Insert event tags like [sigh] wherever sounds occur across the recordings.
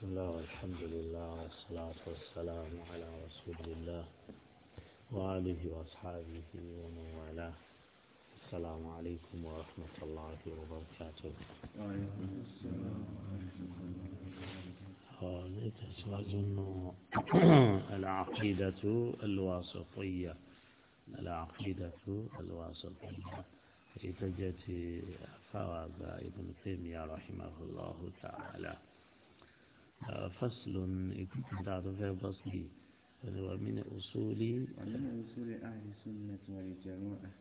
بسم الله والحمد لله والصلاة والسلام على رسول الله وآله وأصحابه ومن والاه السلام عليكم ورحمة الله وبركاته وعليكم السلام ورحمة الله نتسواج العقيدة الواسطية العقيدة الواسطية إتجت فواب ابن تيمية رحمه الله تعالى فصل تعرفها فصلي هو من أصول من أصول أهل السنة والجماعة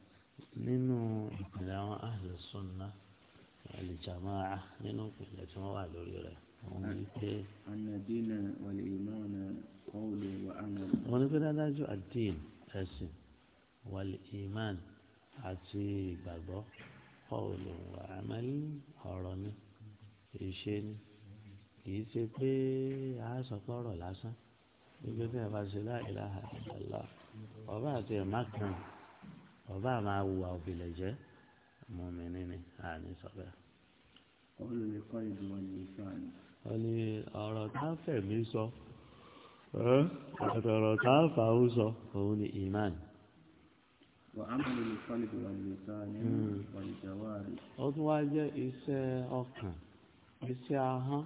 nínú ìpìlẹ̀ àwọn àlùsùnà àlùjàmáà nínú ìpìlẹ̀ tí wọ́n wà lórí rẹ̀ wọ́n ní pé. ànàdínà wàlẹ̀ ìmọ̀ọ́nà kọ́ọ̀lù wà ánà. wọ́n ní pé dájú àdín ẹ̀sìn wàlẹ̀ ìmọ̀ọ́n àti ìgbàgbọ́ kọ́ọ̀lù wà ámàlí ọ̀rọ̀ ni ìṣe ni kì í ṣe pé a sọ pé ọ̀rọ̀ lásán nígbà tí wọn bá ṣe láì láha ìlàlá ọba àti ẹ̀ma kan ọba máa wùwà òbílẹ̀ jẹ́ mọ́mìnrin ni àní sọ́bẹ̀. ó ní ọ̀rọ̀ tá a fẹ̀mí sọ ọ̀rọ̀ tá a ó sọ òun ni iman. Hmm. ó tún wá jẹ́ iṣẹ́ ọkàn iṣẹ́ ahọ́n.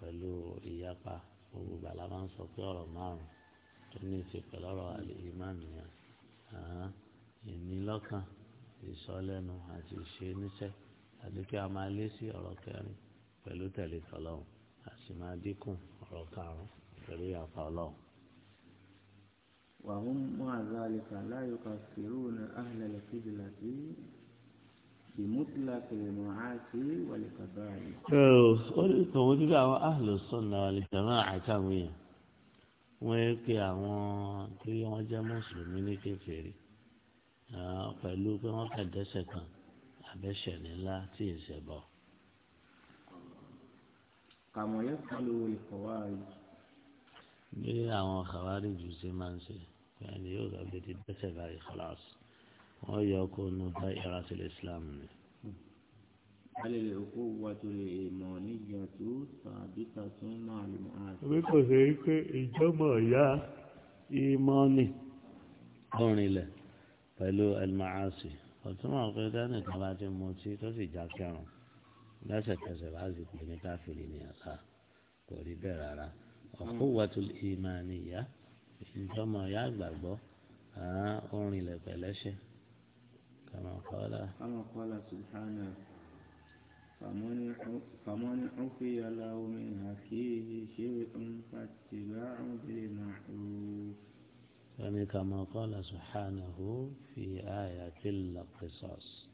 pẹ̀lú ìyapa gbogbo gbàlá máa ń sọ pé ọ̀rọ̀ márùn tó ní í ṣe pẹ̀lú ọ̀rọ̀ àlè ìmáàmù yẹn ìnílọ́kàn ìsọlẹ́nu àti ìṣe níṣẹ́ àti kí a máa lé sí ọ̀rọ̀ kẹrin pẹ̀lú tẹ̀lé tọ́lọ́hún a máa dínkù ọ̀rọ̀ karùn-ún pẹ̀lú ìyàpá ọlọ́hún. wàhùn mọ́ àzálẹ̀ kàláyò kàfírùn náà àhìlẹ̀ lẹ́kìdìlá sí tòun níbi àwọn ahlùsọ̀nà àlìkàmá àtàwọn èèyàn wọ́n ń pe àwọn tí wọ́n jẹ́ mùsùlùmí ní kékeré pẹ̀lú pé wọ́n kà dẹ́ṣẹ̀ kan àbẹ́ṣẹ̀ nílá tí ì ṣẹ̀ bọ̀. kàmọ́yé kọlu ìkọ̀wárí. bí àwọn kàwárí jù sí máa ń ṣe ẹni yóò gbàgbé ti dẹ́ṣẹ̀ báyìí kọ́láàsì wọ́n yọ kó nu bá ìrásílẹ̀ islam ni. alẹ́lẹ̀ òkú wa tó lè mọ̀ níjà tó tàbí tàtún náà lè mọ̀ àti. ìwé kò ṣe é pé ìjọ́mọ̀ ìyá ìmọ̀ ni ọ̀rìn lẹ̀ pẹ̀lú ẹlmaasi ọ̀tún máa pé dání kan bá ti mu tí tó sì já kẹrùn lẹ́sẹ̀kẹsẹ̀ bá sì pè ní káfíìnì ní àṣà kò rí bẹ́ẹ̀ rárá ọ̀kú wàtú ìmọ̀ àníyá ìjọmọ̀ ìyá àgbàgbọ́ ọ̀rìn lẹ̀ pẹ̀lẹ́ṣẹ̀. كما قال كما قال سبحانه فمن عفي له من أخيه شيء فاتباع بالمعروف يعني كما قال سبحانه في آية القصص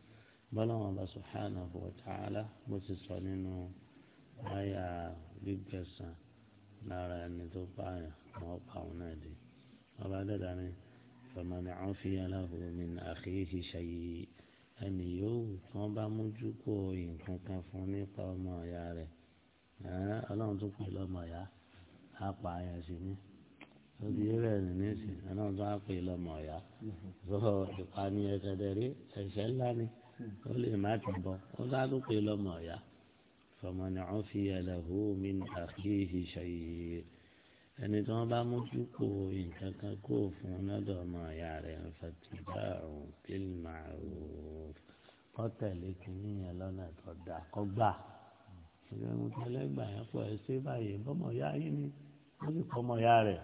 بل الله سبحانه وتعالى متسلين آية بجسا نرى أن تبقى موقع نادي وبعد ذلك fàmánà ànfìyà lahu min akhihi shay' ẹnì yòówù tí wọ́n bá mójú kó nǹkan kan fún nípa ọmọ ọ̀yà rẹ̀ ọlọ́run tó pè lọ́mọ ọ̀yà á pa àyà sí ní lórí rẹ̀ nìyí sí ọlọ́run tó á pè lọ́mọ ọ̀yà lọ́wọ́ ìpànìyàn kẹ̀dẹ̀rí ẹ̀ṣẹ̀ ńlá ni ó lè má ti bọ̀ ó dá tó pè lọ́mọ ọ̀yà fàmánà ànfìyà lahu min akhihi shay' ẹni tí wọ́n bá mójú kó nǹkan kan kó fún un lọ́dọ̀ ọmọ ìyá rẹ̀ fàtìbá òun bílí màrún kọ́ tẹ̀lé kínní yẹn lọ́nà tó dáa kọ́ gbà. ìgbà mo tẹ́lẹ̀ gbà yẹn pọ̀ ẹ ṣe báyìí bọ́mọ ìyá yín ni ó sì kọ́ ọmọ ìyá rẹ̀.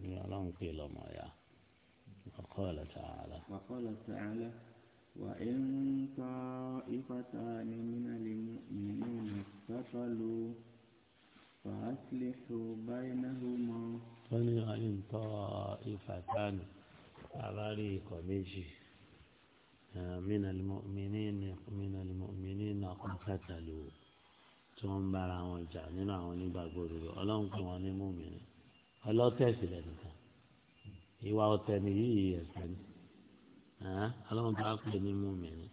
ní ọlọ́run pè lọ́mọ ìyá ọkọ ọ̀la tààlà. ọkọ ọ̀la tààlà wà á ń tọ́ ìfọ̀tà ni mí فأصلحوا بينهما wọ́n ní ìtọ́ ìfàtánù àbárí ikọ̀ méjì mínàlímọ́mìnì náà kún kẹtàlú tí wọ́n ń bára wọn jà nínú àwọn onígbàgbọ́ òdodo ọlọ́run kún wọn ní mùmìnì ọlọ́tẹ̀sì lẹ́nìkan ìwà ọ̀tẹ̀ ni yìí ẹ̀sẹ̀ ni ọlọ́run bá pè ní mùmìnì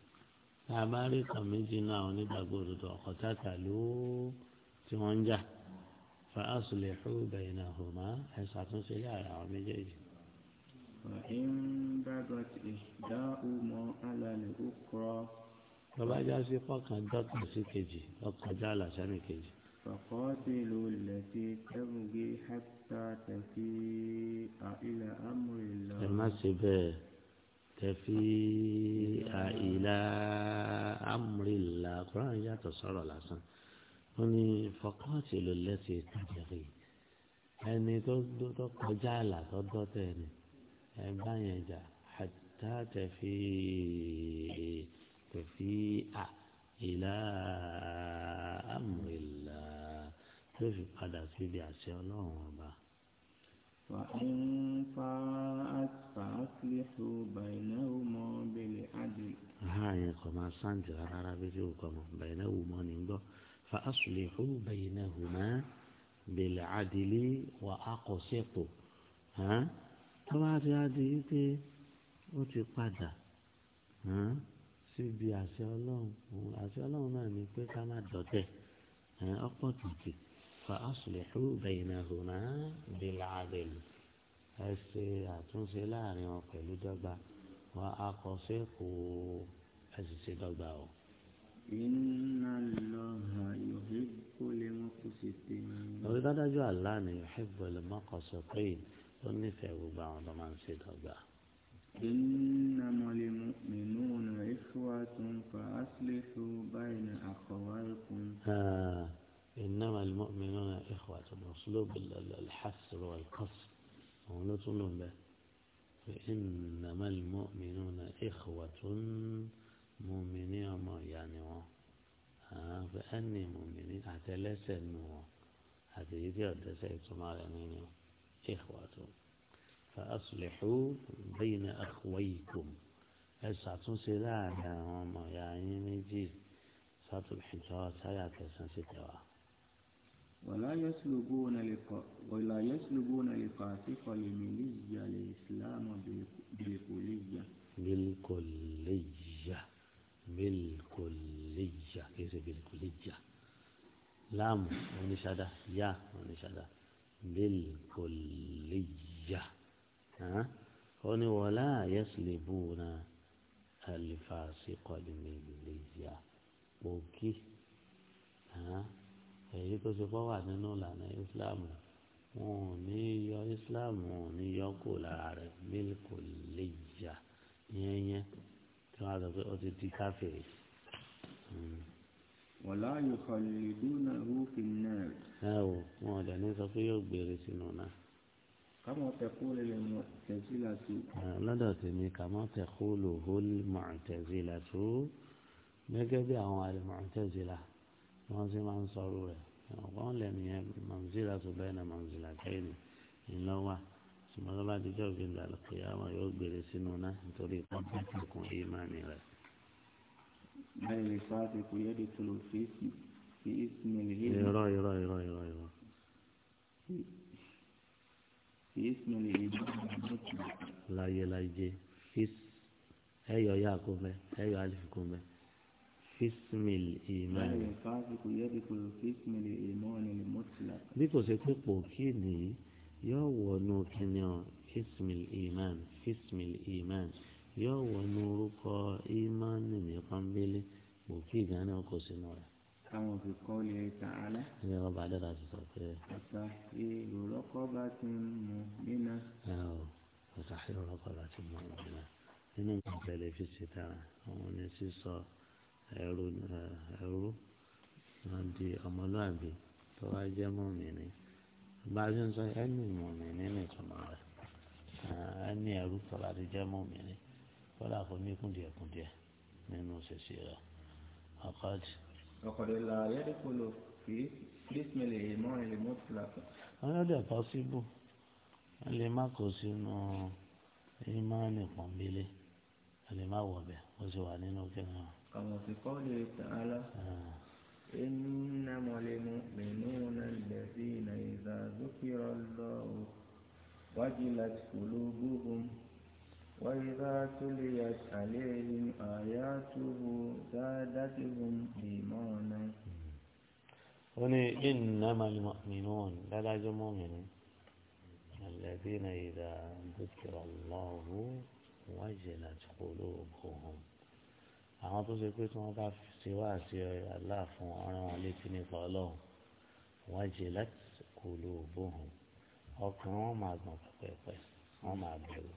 tá a bá rí ikọ̀ méjì náà onígbàgbọ́ òdodo ọ̀kọ̀ kẹtàlú tí wọ́n ń jà. فأصلحوا بينهما حصة سلاح عام جيد وإن بغت إحداؤما على الأخرى فبا جاسي فقط دق سكجي فقد جعل سمكجي فقاتلوا التي تبغي حتى تفيء إلى أمر الله ما سبه تفيء إلى أمر الله قرآن يا تصرى لسان wọ́n ní fọkànsì ló lẹ́sẹ̀ kájẹ̀rì ẹni tó kọjá àlà tó dọ́tẹ̀ ni ẹ bá yẹn jà àtà tẹ̀fí tẹ̀fí à ìlà àmúlà tó fi padà síbi àṣẹ ọlọ́run ọba. فإن فاءت فأصلحوا بينهما بالعدل. هاي قما سانجا عربي قما بينهما نينغو فأصلحوا بينهما بالعدل وأقسطوا ها طبعا هذه وتقعد ها síbi àṣẹ ọlọ́run òun àṣẹ ọlọ́run náà ni pé ká má dọ̀tẹ̀ ọ̀pọ̀ tìtì fa aslihu baynahuma bil adl ẹ ṣe àtúnṣe láàrin wọn pẹ̀lú dọ́gba wọn akọ̀ṣe kò ẹ sì ṣe dọ́gba o. dájú àlá ni ìhìbò lè mọ́kànṣe pé ó nífẹ̀ẹ́ gbogbo àwọn tó máa ń إنما المؤمنون إخوة فأصلحوا بين أخواتكم. آه إنما المؤمنون إخوة أسلوب الحصر والقصر ونطلب إنما المؤمنون إخوة مؤمني ما يعني ما آه، ها فأني مؤمنين حتى لا سلموا حتى يتيار دسيتم على إخواتهم فأصلحوا بين أخويكم هل ساتون سيدا على ما يعني مجيز ساتو بحنتوات هل أتسان سيدوا ولا يسلبون لق ولا يسلبون لقاتف لملية الإسلام بالكلية بالكلية bilkuliya kìí ṣe bilkuliya láàmù oníṣàdá yá oníṣàdá bilkuliya ó ní wọlá yẹsùlẹ̀bùnà alifasi kọlìmìlìyà òkì èyí tó ṣe fọ́wà nínú ìlànà ìsìláàmù wọn ò ní yọ ìsìláàmù wọn ò ní yọ kó lára rẹ̀ bilkuliya yẹn yẹn tí wọ́n á sọ pé ó ti di káfíìrì. wọ́lá yóò kọ́lé ìdúná rúfin náà. ẹ o wọn ò dẹ̀ ní sọ pé yóò gbèrè sínú náà. kàmọ́ tẹ̀kú lè mọ tẹ̀sílà tó. lọ́dọ̀ tèmi kàmọ́ tẹ̀kú lò ó mọ̀ tẹ̀sílà tó gẹ́gẹ́ bí àwọn àlùmọ̀ tẹ̀sílà wọ́n sì máa ń sọ̀rọ̀ rẹ̀ ọ̀pọ̀ lẹ́nu yẹn mọ̀nsílà tó bẹ́ẹ̀ náà mọ̀nsílà kẹ́yìn ńlọ́wà ṣùgbọ́n tó bá dijọ́ òfin dàlù pé àwọn yóò gbèrè sínú náà nítorí pọ́ńpọ́ńpọ́ kún ìmánì rẹ̀. báyìí lè fa àti kò yẹ́dẹ̀ tó lò fèsì sí ismail hill. irọ́ irọ́ irọ́ irọ́ irọ́. sí ismail hill láyé láyé fís ẹyọ ya kó mẹ ẹyọ alif kó mẹ físmìl ìmọ̀ ni. bí kò ṣe pé pò kí nìyí yóò wọnú kíni ọ ismil iman ismil iman yóò wọnú orúkọ imani ní pọ́nbélé bòkì ìgànnì ọkọ̀ sínú rẹ̀. táwọn fi kọ́ lè ta alẹ́. ilé ọba adéla ti sọ pé. ọ̀sà èrò lọ́kọ́ bá ti ń mú nínú. ọ̀sà èrò lọ́kọ́ bá ti mú nínú. nínú nǹkan tẹ̀lé fi ṣe tara àwọn ní sísọ ẹrú ẹrú wọn di ọmọlúwàbí tó wá jẹ́ mọ́mí bá a ṣe ń sọ ẹni mọ̀mí nínú ìtumọ̀ rẹ̀ ẹni ẹrú tọ́lá ti jẹ́ mọ̀mí ni kọ́lá kò ní kúndìẹ̀ kúndìẹ̀ nínú ṣẹṣẹ rẹ̀ ọkọ̀dì. ọ̀kọ̀dì là fi bísímìlì ìmọ̀ ilé mọ́ fúlàfẹ́. wọ́n yóò dẹ̀ pọ́ síbù wọ́n lè má kó sínú ìmánì pọ̀nbélé wọ́n lè má wọ̀ bẹ̀ ó sì wà nínú kí wọ́n. kàwọn ti kọ́ lè tàn án إنما المؤمنون الذين إذا ذكر الله وجلت قلوبهم وإذا تليت عليهم آياته زادتهم إيمانا وني إنما المؤمنون لا لا مؤمنون الذين إذا ذكر الله وجلت قلوبهم àwọn tó ṣe pé tí wọ́n bá ṣe wá sí Allah fún ọ̀ràn wọn létí nípa ọlọ́run wọ́n jẹ láti kó lóògbóhùn ọkàn wọn máa gbọ̀n pẹ́pẹ́pẹ́ wọ́n máa bẹ̀rù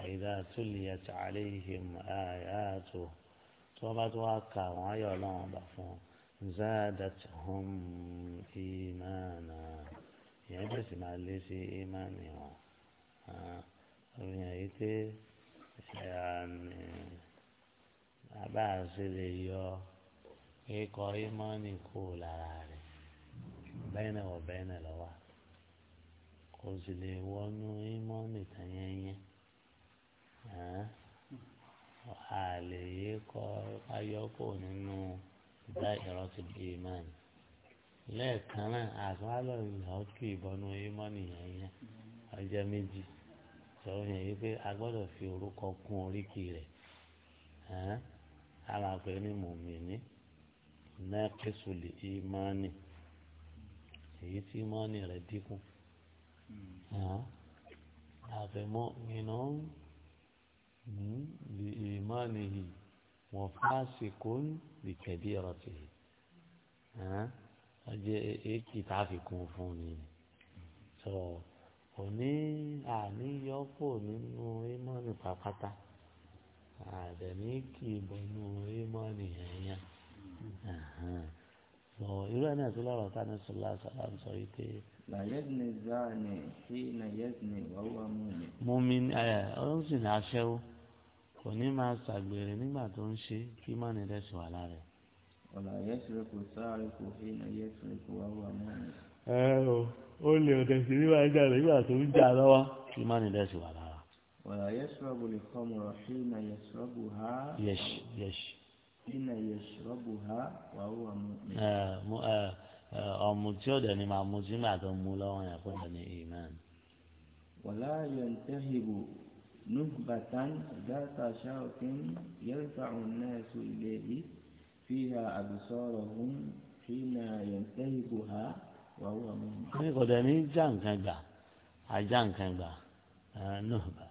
àìdá tó lè yàtọ̀ àlẹ́ ìhìmù àyàtọ̀ tí wọ́n bá tó wá ka àwọn ayọ̀ ọlọ́run bá fún wọn zaadathum ìmáàna ìyẹn bẹ́ẹ̀ sì máa lé sí ìmáàni wọn. àwọn èèyàn yìí pé bàbá àti lè yọ ikọ̀ ìmọ̀ọ́nì kú lára rẹ̀ bẹ́ẹ̀nẹ̀ wọ bẹ́ẹ̀nẹ̀ lọ́wọ́ kò sì lè wọnú ìmọ̀ọ́nì tẹ̀yẹ́yẹ́ a lè yí kọ́ ayọ́kọ̀ nínú ìdá ìrọ́tì ìmọ̀ọ́nì lẹ́ẹ̀kan náà àtúwálọ̀ ìlọ́kì ìbọnú ìmọ̀ọ́nì yẹn yẹn ọjọ́ méjì sọ̀rọ̀ yẹn yí pé a fi orúkọ kún oríkì rẹ̀ ara pé ní mùmíní nákẹ́sù lè ìmánì èyí tí ìmánì rẹ̀ dínkù hmm. àfẹ̀mọ́ iná lè ìmánì yìí wọ́n fásì kó lè kẹ̀dí ọ̀rọ̀ tì í ọjọ́ èkì tá a fi kún fún ni sọ òní àníyọ́pọ̀ nínú àdẹ̀mí kì í bọnú ímọ́ọ̀nì ẹ̀yàn sọ irú ẹ̀ náà tó lọ́rọ̀ tá ní sọlá sọlá ń sọ wípé. làyẹ́dìní záàni sí nàyẹ́dìní wàhùwà múmi. múmi ẹ ó ń sìn ní aṣẹ́wó kò ní máa ṣàgbèrè nígbà tó ń ṣe kí mọ́ni rẹ̀ sì wà lára ẹ̀. ọ̀là yẹ́sìrì kò sáré kò fi nàyẹ́sìrì kò wàhùwà múmi. ẹ o ó lè ọ̀dẹ̀ sí nígbà tó ń jà lọ́wọ́ kí mọ́ni rẹ̀ sì wà lára. ولا يشرب الخمر حين يشربها يش يش حين يشربها وهو مؤمن آه م... آه ọmọdé ọdọ ni màá mọdé màá tó mú lọ́wọ́ yẹn kó dání iman. wàlá yantahibu nuhbatan dáta ṣáàkín yẹnta ọ̀nẹ́sù ilé yìí fíha àbùsọ̀rọ̀hún fína yantahibu ha wàhùwà mọ́mọ́. ní kò dẹ̀ ní já nǹkan gbà àjá nǹkan gbà nuhbatan.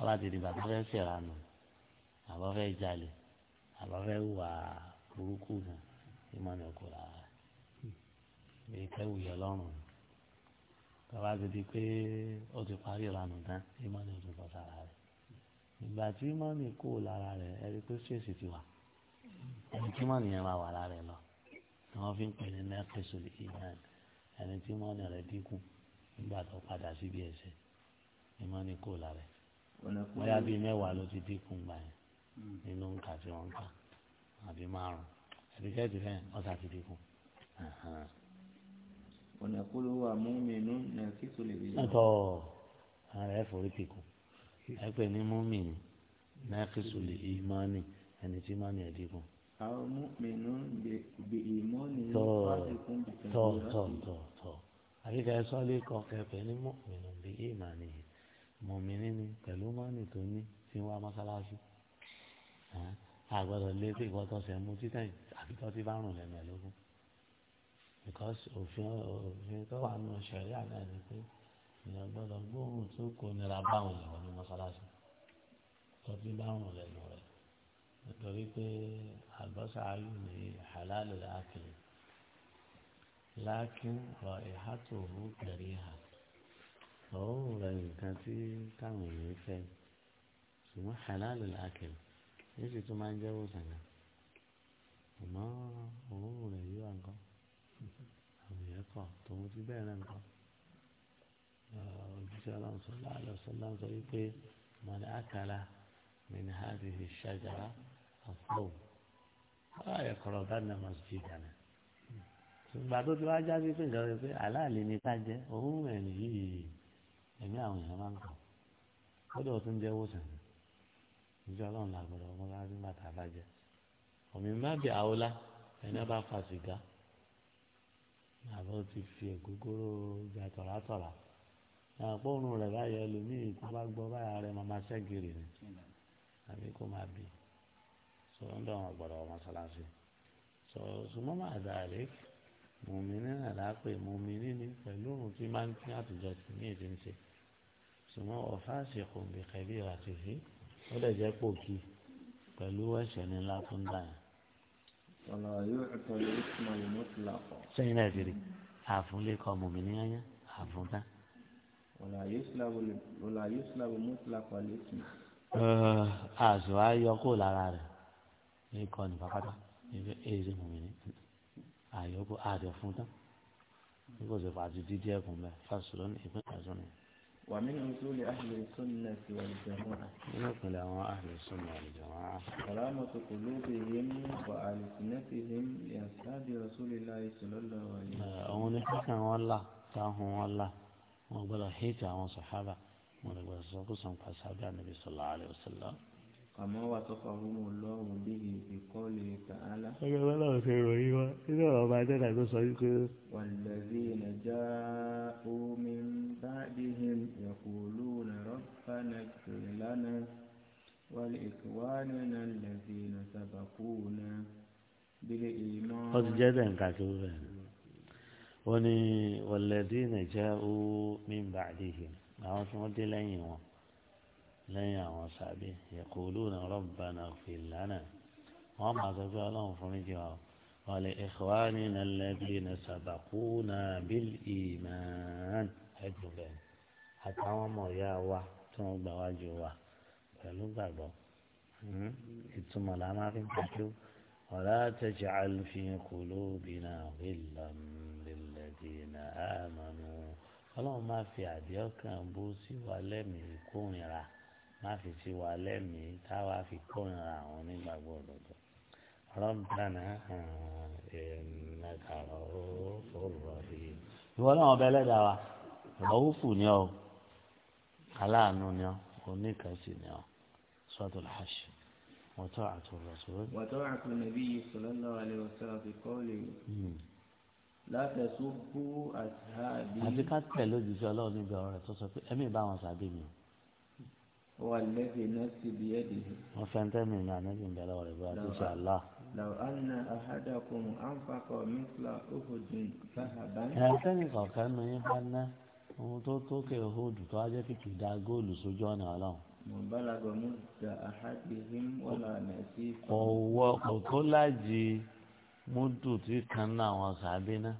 ọba ti dìgbà tó fẹ́ ṣèrànù àbọ̀ fẹ́ jalè àbọ̀ fẹ́ wà burúkú nù ìmọ̀ ní ọkọ̀ rárá èyí fẹ́ wùyẹ lọ́rùn tọ́ba ti di pé ó ti parí ìranù tán ìmọ̀ ní oṣù bọ̀ sára rẹ̀ ìgbà tí ìmọ̀ ní kó lára rẹ̀ ẹni pé ṣèṣì ti wà ẹni tí ìmọ̀ nìyẹn máa wà lára rẹ̀ lọ ni wọ́n fi ń pè ní nẹ́ẹ̀kẹ́sọ̀ ìyá ẹni tí ìmọ̀ rẹ̀ dínkù nígbà tó padà síbi ẹ̀ṣẹ̀ ìmọ̀ ní lára rẹ̀ bóyá bíi mẹ́wàá ló ti dínkù gbà yẹn nínú nǹka tí wọ́n ń kà àbí márùn-ún àbí kẹ́ẹ̀tì fẹ́ ọ̀sà ti dínkù. ọ̀nà kúló wà mú mi nú ní akíkú lè rí. ẹ̀tọ́ ara ẹ̀ forí ti kù ẹ pè ní mú mi ní akíkú lè rí mọ́ni ẹni tí mọ́ni ẹ̀ dínkù. àwọn mú mi nú bí ìmọ̀ni wáṣí fún bìtẹ̀ tọ́ tọ́ tọ́ tọ́ àbí sọ́lé kọ́ kẹ́ ní mú mi bí ìmọ̀ni yìí mọ̀mìnì ni pẹ̀lú mọ́nì tó ní tí wọ́n á mọ́sálásí àgbàdo lé pé ìwọ́tọ̀ sẹ́ mú títẹ̀ àbíkọ́ tí bá rùn lẹ́nu ẹ̀ lógún because òfin òfin tó wà nù sẹ̀ríà náà ni pé èèyàn gbọ́dọ̀ gbóhùn tó kò nira báwọn èèyàn ní mọ́sálásí tó ti bá rùn lẹ́nu rẹ̀ nítorí pé àgbọ̀sà ayù ní halal láàkì láàkì rọ̀ ìhàtò òhún kẹrì hàn ọ̀hún rẹ̀ nǹkan tí táwọn èèyàn fẹ́ ṣùgbọ́n halal làákẹ́ yìí sì tún máa ń jẹ́wọ́ sàngà ọmọ ọ̀hún rẹ̀ yóò wà nǹkan àwọn èèyàn kọ̀ tòun ti bẹ́ẹ̀ náà nǹkan ojúṣe aláwọ̀ sọ́lá àlọ́sọ́lá sọ wípé mọ̀lẹ́ àkàrà من هذه الشجرة الصوم ولا يقربن مسجدنا بعد ذلك جاء في الجواب على لنتاجه وهو يعني ẹ̀mí àwọn èèyàn máa ń kàn lọ́dọ̀ tó ń jẹ́ wòsàn ìjọ ọlọ́run la gbọ́dọ̀ ọmọ láti má tà bá jẹ ọ̀mí má bẹ àwòlá ẹni bá fa sìgá àbọ̀ ti fi ògógóró gba tọ̀rátọ̀rá àpò rẹ̀ báyọ̀ ẹlòmíì tó bá gbọ́ báyà rẹ̀ máa ma ṣẹ́gìrì ni àbí kó máa bì sọ̀rọ̀ ń dọ̀ wọn gbọ́dọ̀ ọmọ sọ̀lá sí sọ̀rọ̀ sùnmọ́ máa dà àlékè mùmíní náà lápè mùmíní ni pẹ̀lú òun tí máa ń kí àtijọ́ ti ní èdè ń ṣe ṣùgbọ́n ọ̀fà àṣekùn bí kẹ́bí àti fi ó lè jẹ́ pò kí pẹ̀lú ẹ̀ṣẹ̀ ní ńlá tó ń dà yẹn. ọ̀nà yóò ẹ̀kọ́ lórí ìtumọ̀ yìí ti là kọ́. sẹ́yìn náà ti rí àfún lè kọ mùmíní yányá àfún tán. ọ̀nà yóò sílábù mú ti là kọ́ lẹ́sìn. àṣọ ayọkọ̀ lára rẹ̀ ní kọ́ni pàpàtà ní àyọ̀bù àdè fún tán nígbà tó fàájú dídí ẹ̀kún bẹ́ẹ̀ fásilọ́ ní ìpínlẹ̀ àjọyìn. wà mí nínú tó lè ahli sunnati wal jamaa. nínú ìpínlẹ̀ àwọn ahli sunnati wal jamaa. salamatu qulubihim wa alsinatihim li ashabi rasulillahi sallallahu alaihi wasallam. àwọn oníkàkàn wọn là táwọn wọn là wọn gbọ́dọ̀ hẹ́ẹ̀tì àwọn sàhábà wọn gbọ́dọ̀ sọ́kùsọ̀ nípa sàhábà nàbì sallallahu alaihi wasallam kàmọ́ wà sọ́fà fún ọlọ́run bí ìkọ́ lè tà á lá. ọjọ́ wọn náà fi ròyìn wá nínú ọ̀rọ̀ ọba adẹ́dà tó sọ wípé. wàlẹ́bí nàjà omi bá dìhìn yàkùlù nàrọ́fà nàìjíríà lánàá wàlẹ́ ìkúwánà nàlẹ́bí nàṣàbàkú náà bílẹ̀ ìmọ̀. ó ti jẹ́ bẹ́ẹ̀ tó bẹ́ẹ̀ wọ́n ní wàlẹ́bí nàjà omi bá dìhìn àwọn tí wọ́n dé lẹ́yìn wọn lẹ́yìn àwọn sàbí yaquluna rabbana ighfir lana wọ́n máa sọ pé ọlọ́run fún mi jẹ́ ọ wa li ikhwanina alladhina sabaquna bil iman ẹ̀dùn bẹ́ẹ̀ àtàwọn ọmọ ìyá wa tí wọ́n gbà wájú wa pẹ̀lú gbàgbọ́ hmm? ìtumọ̀ la máa fi ń pàṣẹ wala taj'al fi qulubina ghillan ọlọ́run máa fi àdéhùn kan bó sí wa lẹ́mìí kórìíra má fi ti wà lẹ́mìí táwa fi kóra àwọn onígbàgbọ́ òdodo. rọ́bìnà ẹ̀ẹ́nàkà ọ̀rọ̀ yìí. ìwọ náà ọbẹ̀ lẹ́dàá wa rọ́wùfù ni ọ aláàánú ni ọ oníkàsí ni ọ sọ́dọ̀ làásì. وطاعة الرسول وطاعة النبي صلى الله عليه وسلم في قوله لا تسبوا أصحابي. àti ká tẹ̀lé òjijì ọlọ́run níbi ọ̀rọ̀ rẹ̀ tó sọ pé ẹ̀mí ìbáwọn sàbí mi o. والذي نفسي بيده وفانت من معنى من بلا وربات إن شاء الله لو أن أحدكم أنفق مثل أهد ذهبا أعتني قوكان من يفعلنا ومتوتو كأهود تواجه في كدا قول سجوان علىهم مبلغ مدة أحدهم ولا نسيف قوة كل جي مدة كنا وصعبنا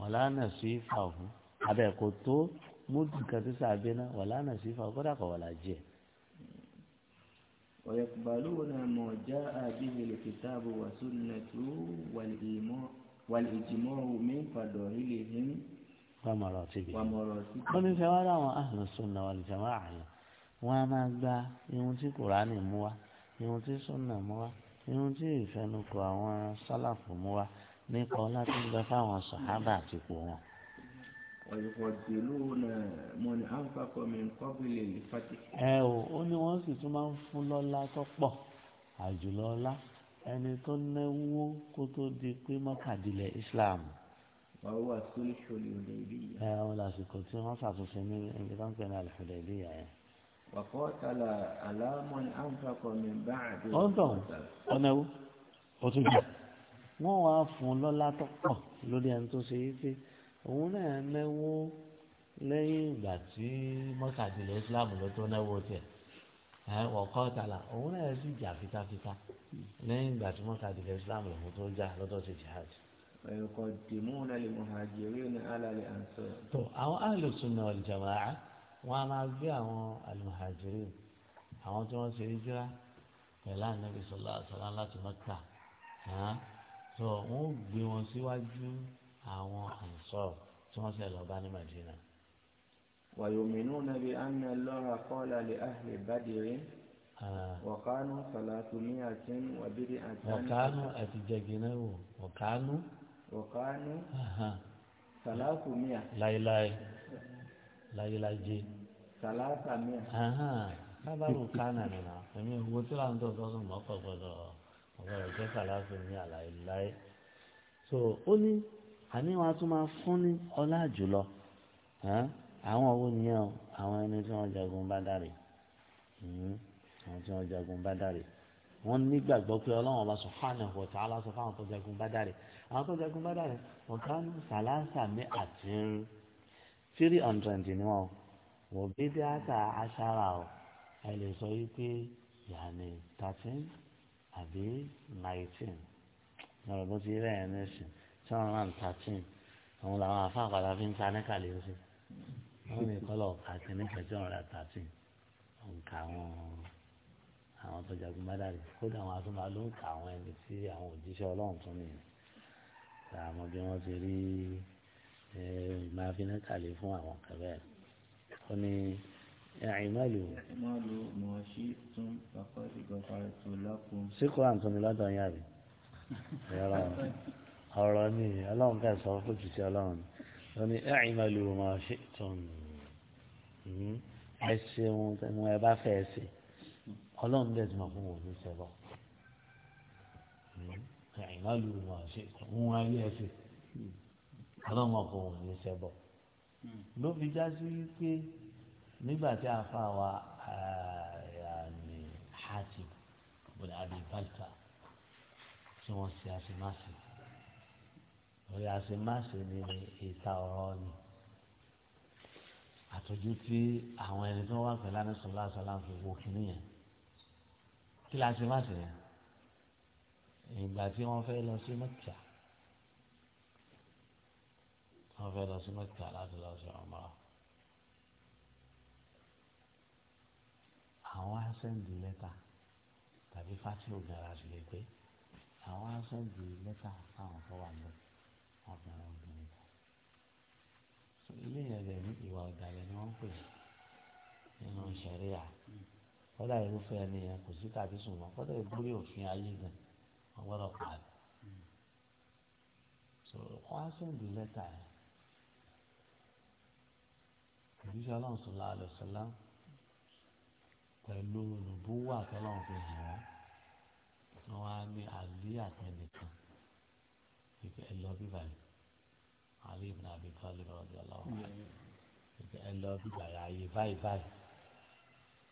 ولا نسيفه هذا كتو مدة كتسعبنا ولا نسيفه قد أقول جيه ويقبلون ما جاء به الكتاب والسنة والإجماع من فضائلهم ومراتبهم wọ́n ní fẹ́ẹ́ wá láwọn Ahlus Sunnah wal Jama'ah àyàn wọ́n á máa gba irun tí Kùránì mú wá irun tí Sunnah mú wá irun tí ìfẹnukò àwọn sálàfù mú wá nípa ọlá tó ń gbẹ fáwọn sàhábà àtìpó wọn ẹ ò ó ní wọ́n sì tún máa ń fún lọ́lá tó pọ̀ àjùlọ ọlá ẹni tó náwó kó tó di pé mọ́kàdílẹ̀ Islam. wàhùwà sólì sólì Hudaybiyya. ẹ ọ lásìkò tí wọ́n ṣàtúnṣe ní ẹni tó ń pè ní al-Hudaybiyya yẹn. wàkọ́tàlà aláàmọ́ni àǹfààkọ́ mi bá àdéhùn. ó ń tọ̀ ọ̀nà ẹ̀wò ó tún òun náà náwó lẹ́yìn ìgbà tí mọ́sàdìlẹ̀ islam ló tó náwó tiẹ̀ ọ̀kọ́ tala òun náà sì jà fitafita lẹ́yìn ìgbà tí mọ́sàdìlẹ̀ islam lòun tó jà lọ́dọ̀ sí jihad. ويقدمون المهاجرين على الأنصار تو أو أهل السنة والجماعة وأنا أبي المهاجرين أو تما سيجرا كلا النبي صلى الله عليه وسلم لا تمكة ها تو مو بيوان سواجو àwọn àǹsọ̀ tí wọ́n sì lọ bá ní Madina. ويؤمنون بأن الله قال لأهل بدر وكانوا ثلاثمائة وبضعة وكانوا أتجاجنوا وكانوا وكانوا ثلاثمائة لا إله لا إله جي ثلاثمائة أها خبر كان لنا فمن هو ترى أنت تصل ما فقط وقال ثلاثمائة لا إله so only àní wọn a tún máa fún ní ọlá jùlọ àwọn owó nìyẹn o àwọn ẹni tí wọ́n jagun bá dárè hmm? àwọn tí wọ́n jagun bá dárè wọ́n nígbàgbọ́ pé ọlọ́run ọba subhanahu wa ta'ala sọ fáwọn tó jagun bá dárè àwọn tó jagun bá dárè ọ̀gá ní sàlásà ní àtìrín three hundred ni wọn wọ́n bí dáta aṣára o ẹ lè sọ wípé yàní thirteen àbí nineteen ọ̀rọ̀ bó ti rẹ̀ ẹ́ ní seven hundred and thirteen àwọn làwọn afa àpàlà fi ń ta ní kàlẹ́ ọ̀sẹ̀ wọ́n ní kọ́lọ̀ ọ̀ka kìíní kan seven hundred and thirteen òǹkà àwọn àwọn tó jagun bá dàrí kódà àwọn asọ́nà ló ń kà àwọn ẹni tí àwọn òjíṣẹ́ ọlọ́run tún nìyẹn làwọn bí wọ́n ti rí máa fi ní kàlẹ́ fún àwọn kẹfẹ́ ó ní ìrìnàlù. ìrìnàlù mọ̀ ṣí tún pàpọ̀ ìgbọ̀fà ètò lápò. sí kúrò àǹtọ́ni lọ́dọ̀ yàrá ọ̀rọ̀ ni ọlọ́run ká sọ fún jùsí ọlọ́run ló ní i'malu ma shi'tum hmm? ẹ ṣe ohun tẹnu ẹ bá fẹ́ ṣe ọlọ́run dẹ̀ ti mọ̀ fún òun ní sẹ́bọ̀ hmm? i'malu ma shi'tum ohun ayé ẹ ṣe ọlọ́run mọ̀ fún òun ní sẹ́bọ̀ ló fi já sí wípé nígbà tí a fa wa àyàní Hatim bọ̀dà àbí balta tí wọ́n ṣe àṣemáṣe orí àṣemáṣe ni ìta ọ̀rọ̀ ni àtọ́jú tí àwọn ẹni tó wà pẹ̀lú àná sọ̀lá sọ̀lá fi wo kínní yẹn kí la ṣe má ṣe yẹn ìgbà tí wọ́n fẹ́ lọ sí mẹ́kà wọ́n fẹ́ lọ sí mẹ́kà láti lọ sí ọmọlá àwọn asẹ́ǹdì lẹ́tà tàbí fásitì ògùn ara sì lè pé àwọn asẹ́ǹdì lẹ́tà fáwọn tó wà lọ́wọ́ ọ̀bẹ̀rẹ̀ obìnrin kan so ilé yẹn lè ní ìwà ọ̀dàlẹ̀ ni wọ́n ń pè nínú ìṣẹ̀ríà kọ́dà irúfẹ́ ẹni yẹn kò sí tàbí ṣùgbọ́n kọ́dà ìgbórí òfin ayé gan wọ́n gbọ́dọ̀ pa á so wọ́n á sẹ́ndì lẹ́tà yẹn ìdíṣẹ́ ọlọ́run sọlá àlọ́sọlá pẹ̀lú olùbúwà tọ́lọ́run fi hàn wọ́n wọ́n á ní àlíyà tẹnìkan ìpè ẹ lọ bíbà yìí Ali ibn Abi Talib radiyallahu anhu ìpè ẹ lọ bíbà yìí ààyè báyìí báyìí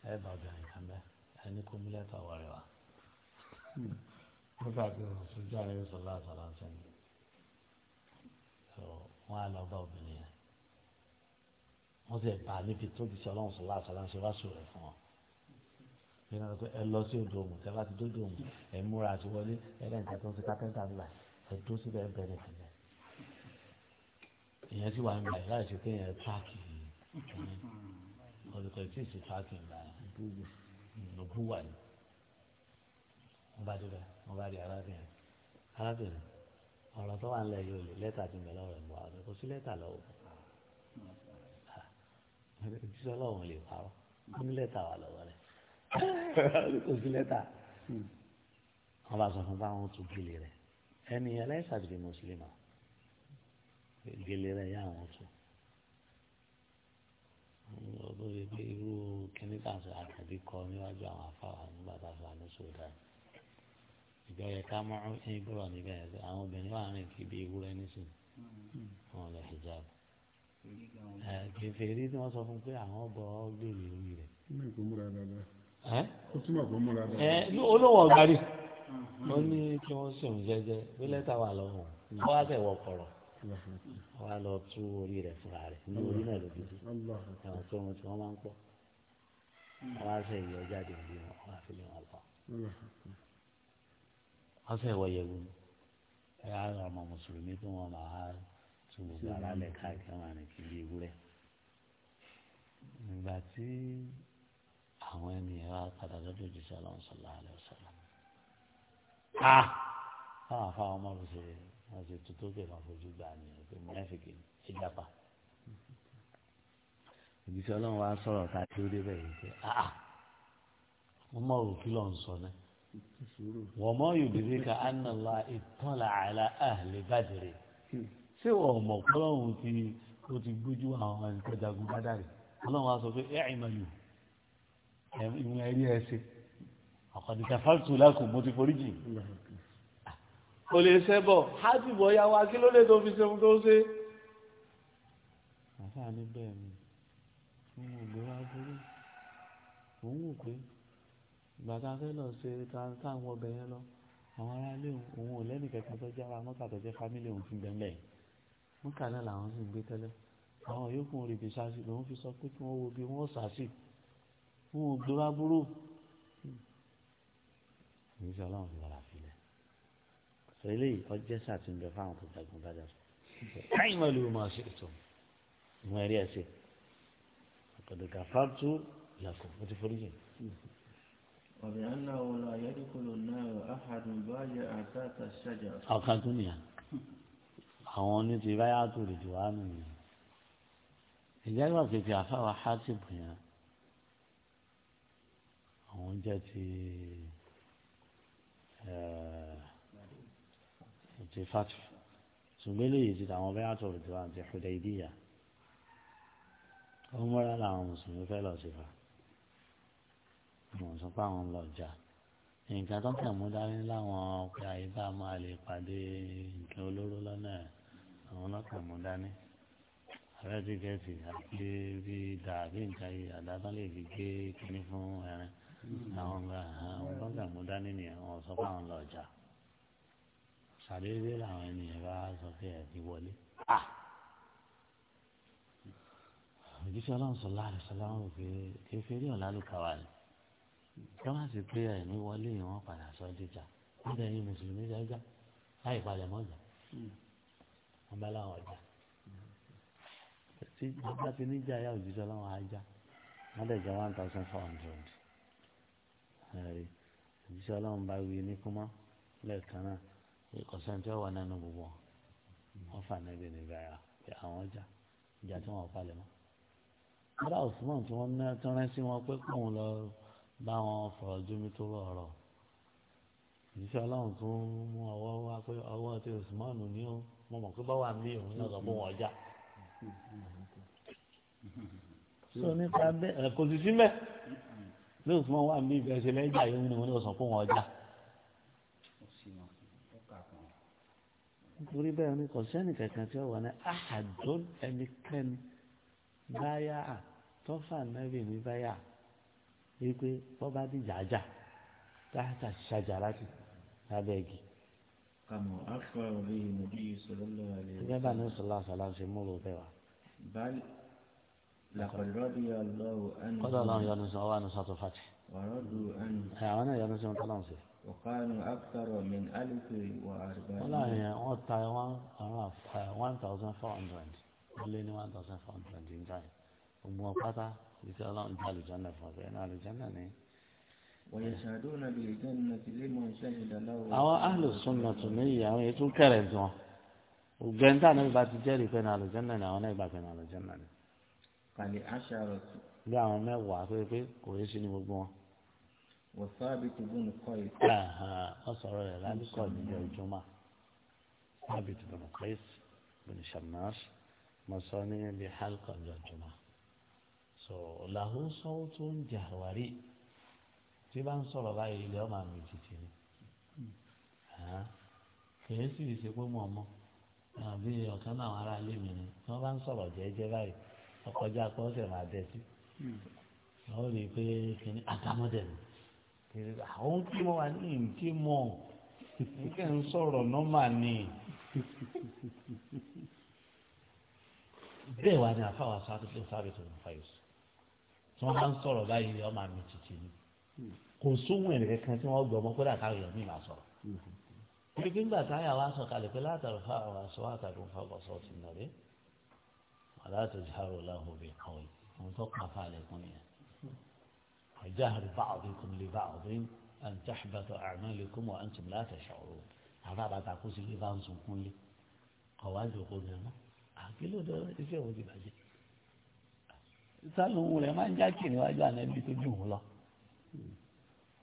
ẹ bá obìnrin kan bẹ ẹni kó múlẹ̀ tó àwọ̀ rẹ̀ wá. Hmm. nígbà tí wọn sọ jẹ́ àlẹ́ sọlá sọlá sẹ́yìn wọn á lọ bá obìnrin yẹn wọ́n sì bá níbi tó ti sọ ọlọ́run sọlá sọlá ṣe wá sọ̀rọ̀ fún ọ yìí náà ẹ lọ sí odò òmù tẹ bá ti dódò òmù ẹ múra àti wọlé ẹ lẹ́yìn tí a tó ń ṣe kápẹ́ńtà ńlá yìí ẹ̀dó síbẹ̀ ń bẹ̀rẹ̀ fìlẹ̀ èèyàn sì wà ń bẹ̀rẹ̀ láì ṣe pé èèyàn páàkì ọ̀dùkọ̀ tí ì sì páàkì nùbú wà ní. wọ́n bá débẹ̀ wọ́n bá rí arábìnrin arábìnrin ọ̀rọ̀ tó wà nílẹ̀ yóò lè lẹ́tà ti mẹ́lẹ́ ọ̀rọ̀ ìwà ọ̀rọ̀ kò sí lẹ́tà lọ́wọ́ jíṣẹ́ ọlọ́run lè parọ́ ó ní lẹ́tà wà lọ́wọ́ rẹ̀ kò sí lẹ́tà wọ́n bá sọ fún báwọn tún gbélé rẹ̀ ẹni ẹlẹ́sàt bíi mùsùlùmá gèlè rẹ̀ yá àwọn tó ọdún yìí pé irú kíní kan sọ àkàbí kọ níwájú àwọn afáwà nígbà tá a fà ní Sudan ìjọ yẹ ká mọ ẹyin búrọ níbẹ̀ yẹn àwọn obìnrin wà rìn kí bíi ewúrẹ́ nísìnyí wọn lọ hijab kẹfẹ́rí tí wọ́n sọ fún pé àwọn bọ̀ gbèrè orí rẹ̀. ó túmọ̀ kó múra dáadáa wọ́n ní kí wọ́n sì ń jẹ́jẹ́ bí lẹ́tà wà lọ́wọ́ wọ́n wá bẹ̀ wọ kọ̀rọ̀ wọ́n á lọ tú orí rẹ̀ fúnra rẹ̀ ní orí náà ló gidi àwọn tó wọn tí wọ́n máa ń pọ̀ wọ́n á fẹ́ yọ jáde bí wọ́n á fi lé wọn lọ. wọ́n fẹ́ wọ yẹ̀wò ni ẹ ọmọ mùsùlùmí tó wọn máa tún gbogbo ara káàkiri wọn àrùn kìí ewúrẹ́. ìgbà tí àwọn ènìyàn padà lọ́dọ̀ jù sọ́lá a káwọn afáwọn ọmọ mi ṣe wọn ṣe tuntun pé wọn fojú gbà ní ẹgbẹ́ mẹfìkì ẹ jápa ìgbésí Ọlọ́run wa sọ̀rọ̀ ká tí ó débẹ̀ yìí pé a wọn mọ òkú lọ ń sọ náà wọn mọ yòbìrì ká anàlá ìtọ́lá àlá àhìlẹ̀ bàdìrì ṣé wọn mọ Ọlọ́run ti ó ti gbójú àwọn ẹni tó jagun bá Ọlọ́run wa sọ pé ẹ ẹ ìmọ̀ yòó ìmọ̀ ẹ̀rí ẹ ṣe ọ̀kọ̀dì kẹfàtù lákùn mo ti forí jì kò lè sẹ́bọ̀ hábì bọ́yá wa kí ló lè tó fi sẹ́mu tó ṣe. àṣà ni bẹ́ẹ̀ ni mo gbé wá burú mo ń wò pé ìgbà tá a fẹ́ lọ ṣe káwọn ọbẹ̀ yẹn lọ àwọn aráàlú òun ò lẹ́nu kẹta tó jẹ́ ara mọ́tà tó jẹ́ fámílì òun ti gbẹ̀ mẹ́ẹ̀ náà làwọn sì ń gbé tẹ́lẹ̀ àwọn yòókù rìbìṣà sí lòun fi sọ pé kí wọ́n wo bí wọn ò gbé wá burú èyí tí ọlọ́run fi wàrà filẹ̀ sọ eléyìí ọjẹ́ sàtì ń bẹ fáwọn tó jagun bá dàrú káyìn mọ́ lóru máa ṣe ètò ìmọ̀ ẹ̀rí ẹ̀sẹ̀ àkọ́dọ̀gà fàtú làkọ̀ ó ti forí jìn. ọ̀kan tún nìyà àwọn oní ti báyà tó lè jù wá nù nìyà ìjà ìgbà kejì àfáwà hátìbù yẹn àwọn oúnjẹ ti. Eh, ti fatu ṣùgbọ́n eléyìí ti tàwọn bẹ́ẹ̀ àtọ̀ òdìbò àti Hudaybiya ó múra làwọn mùsùlùmí fẹ́ lọ sí fa àwọn sọ pé àwọn ń lọ jà nǹkan tó kàn mú dání láwọn pé àyíká máa lè pàdé nǹkan olóró lọ́nà àwọn ọlọ́kàn mú dání àbẹ́tí gẹ̀ẹ́sì àti bíi dàbí nǹkan yìí àdá tán lè fi gé kínní fún ẹran àwọn àwọn tó ń tẹ̀ mú dání ni àwọn sọ fún àwọn lọ́jà ṣàdédé làwọn ènìyàn bá sọ pé ẹ̀ ti wọlé. òjíṣẹ́ ọlọ́run sọ̀lá àdìsọ́lá ń wò pé kékeré ọ̀la ló kà wá ni kí wọ́n sì pé ẹ̀ ní wọlé ìwọ̀n padà sọ dìjà nígbà yìí mùsùlùmí jájá láì palẹ̀ mọ́jà wọ́n bá láwọn ọjà tí wọ́n bá ẹ̀rí òjíṣẹ́ ọlọ́run bá wí ní kúmọ́ lẹ́ẹ̀kan náà ìkọ̀sẹ́ni tí wọ́n wà nínú gbogbo wọn fà níbi nìgbàrà pé àwọn ọjà ìjà tí wọ́n palẹ̀ mọ́. kódà Usman tí wọ́n ná tán rẹ́ sí wọn pé kóun lọ bá wọn fọ̀rọ̀ jómi tó rọ̀ ọ̀rọ̀ ọlọ́run tó ń mú ọwọ́ wá pé ọwọ́ ti Usman ní ó mo mọ̀ pé bá wà ní òun náà sọ ọjà. sọ [laughs] nípa bẹ́ẹ̀ kò sì sí mẹ́ẹ̀. bí Usman wà ní ibi ẹsẹ̀ o yìí ni wọ́n ní ọ̀sán fún wọn ọjà. nítorí bẹ́ẹ̀ ni kò sẹ́ni kankan tí ó wà ní àádọ́n ẹnikẹ́ni báyà tọ́fà nẹ́bì ní báyà wípé bọ́bá dìjà ajá táàtà ṣàjà lábẹ́ igi. kàmú afọ àwọn èèyàn bíi gẹ́gẹ́ bá ní لقد رضي الله أن قال الله يا نساء وانا صوت الفتح ورضوا عنه انا يا نساء طلانسي وكانوا اكثر من 1040 والله يا اوت تايوان انا 1400 اللي 1400 جاي وموقعتها لكي الله يجعل الجنة فاضي أنا على الجنة نعم ويشهدون بالجنة لمن شهد له أو أهل السنة نية ويتون كرم وقال أنت أنا باتجاري كان على الجنة وأنا باتجاري كان على الجنة pàlẹ́ aṣáárọ̀ tù. bí àwọn mẹ́wàá pé pé kò yé sí ní gbogbo wọn. wọ́sáàbì tó bùnú kọ́ yìí. wọ́n sọ̀rọ̀ rẹ̀ lálùkọ́ níjọ́ ìjọba sábì tó bùnú kọ́ yìí bùnú sàmás mo sọ ní bí hálùkọ́ níjọ́ ìjọba. sọ làwọn sọ́wọ́ tó ń jà wárí tí bá ń sọ̀rọ̀ báyìí ilé ọmọ mi títì ni kèé sì ṣe pé mọ̀ ọmọ àbí ọ̀kan náà ará ilé mi ni tí wọ́n bá ń sọ̀rọ̀ jẹ́ẹ́jẹ́ báyìí ọkọjá pé ó sì máa dẹ sí ọ hmm. rí i pé kìnìún àtàmọ́dẹ̀ ni àwọn tí mo wà ní ìdí mọ̀ nígbà ń sọ̀rọ̀ nọ́mà ni bẹ́ẹ̀ wà ní àfáwà sábẹ́tò sábẹ́tò fàyọ̀sì tí wọ́n bá ń sọ̀rọ̀ báyìí ọmọ mi tìtì ni hmm. kò sóhun ẹ̀rẹ̀ kan tí wọ́n gbọ́ ọmọ kódà káwọn èèyàn mi máa sọ̀rọ̀ hmm. pé nígbà táyà wa sọ̀kalẹ̀ pé látàrí fáwọn aṣọ àtàrí fáwọn aṣọ ọ̀tún náà rèé. فلا تجهروا له بالقول متوقع فعليكم يعني. وجهر بعضكم لبعض أن تحبط أعمالكم وأنتم لا تشعرون هذا لا تقول سيدي فانسوا كل قواد وقلنا أقلوا دولة إسيا وجب أجل سألوا أولي ما نجاكين واجهنا اللي تجوه له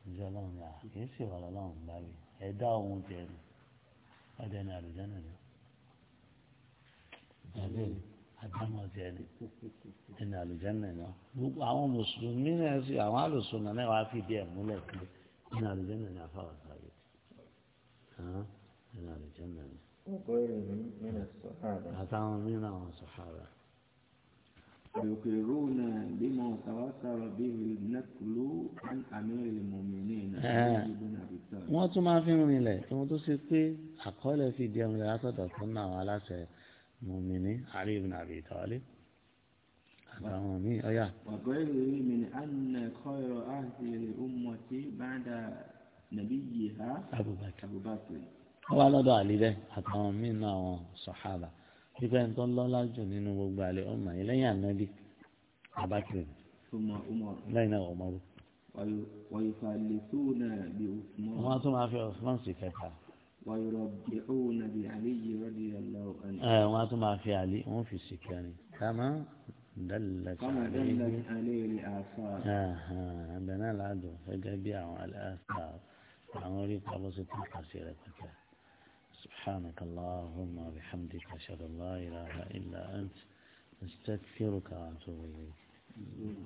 جلون يا أخي إسيا ولا لون بابي إداؤوا مجرد هذا نار جنة جنة جنة àdámọ̀tì ẹni ẹni àlùjẹ́nà náà gbogbo àwọn mùsùlùmí náà sì àwọn àlùsùnà náà wàá fìdí ẹ̀ múlẹ̀ pé ẹni àlùjẹ́nà ní afáwọn sáré ẹni àlùjẹ́nà ní. àtàwọn mìíràn àwọn sàhárà. يقرون بما تواتر به النقل عن أمير المؤمنين wọ́n tún máa في ń rinlẹ̀ tí wọ́n tún ṣe pé àkọọ́lẹ̀ fìdí ẹ̀mí lẹ́yìn àtọ̀tọ̀ tó mùmìnì علي بن أبي طالب. àtàwọn míì ọ̀yà. ọ̀gọ́ ìròyìn mi ni anna khayra ahli ummati ba'da nabiyyiha Abubakar. wọ́n wá lọ́dọ̀ àlè bẹ́ẹ̀ àtàwọn míì náà àwọn sàhábà pípẹ́ ń tọ́ lọ́lá jù nínú gbogbo àlè ọmọ yìí lẹ́yìn ànábì Abubakar lẹ́yìn náà Umaru. wọ́n á tún máa fi Usman sí kẹta. ويربعون بعلي رضي الله عنه آه ما تمع في علي مو في السكاني كما دلت كما كما دلت عليه الآثار آه آه بنا العدو فجميع الآثار عمري يعني قبص تنقصير سبحانك اللهم وبحمدك أشهد أن لا إله إلا أنت أستغفرك وأتوب إليك